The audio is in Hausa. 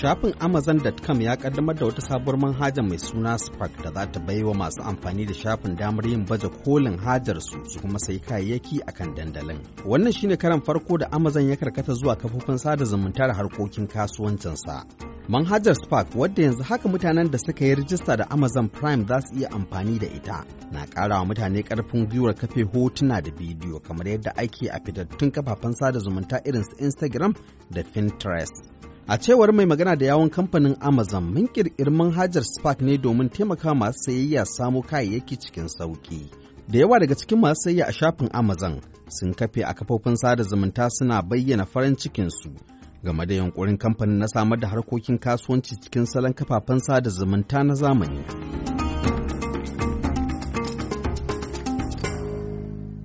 Shafin Amazon.com ya kaddamar da wata sabuwar manhaja mai suna Spark da za ta baiwa masu amfani da shafin damar yin baje kolin hajarsu su kuma sai kayayyaki a kan dandalin. Wannan shine karan farko da Amazon ya karkata zuwa kafofin sada zumunta da harkokin kasuwancinsa. Manhajar Spark wadda yanzu haka mutanen da suka yi rijista da Amazon Prime za su iya amfani da ita na ƙara wa mutane ƙarfin gwiwar kafe hotuna da bidiyo kamar yadda ake a fitattun kafafen sada zumunta irin su Instagram da Pinterest. A cewar mai magana da yawon kamfanin Amazon mun kirkiri manhajar Spark ne domin taimaka masu sayayya samo kayayyaki cikin sauki. Da yawa daga cikin masu sayayya a shafin Amazon sun kafe a kafofin sada zumunta suna bayyana farin cikinsu game da yunkurin kamfanin na samar da harkokin kasuwanci cikin salon kafafen sada zumunta na zamani.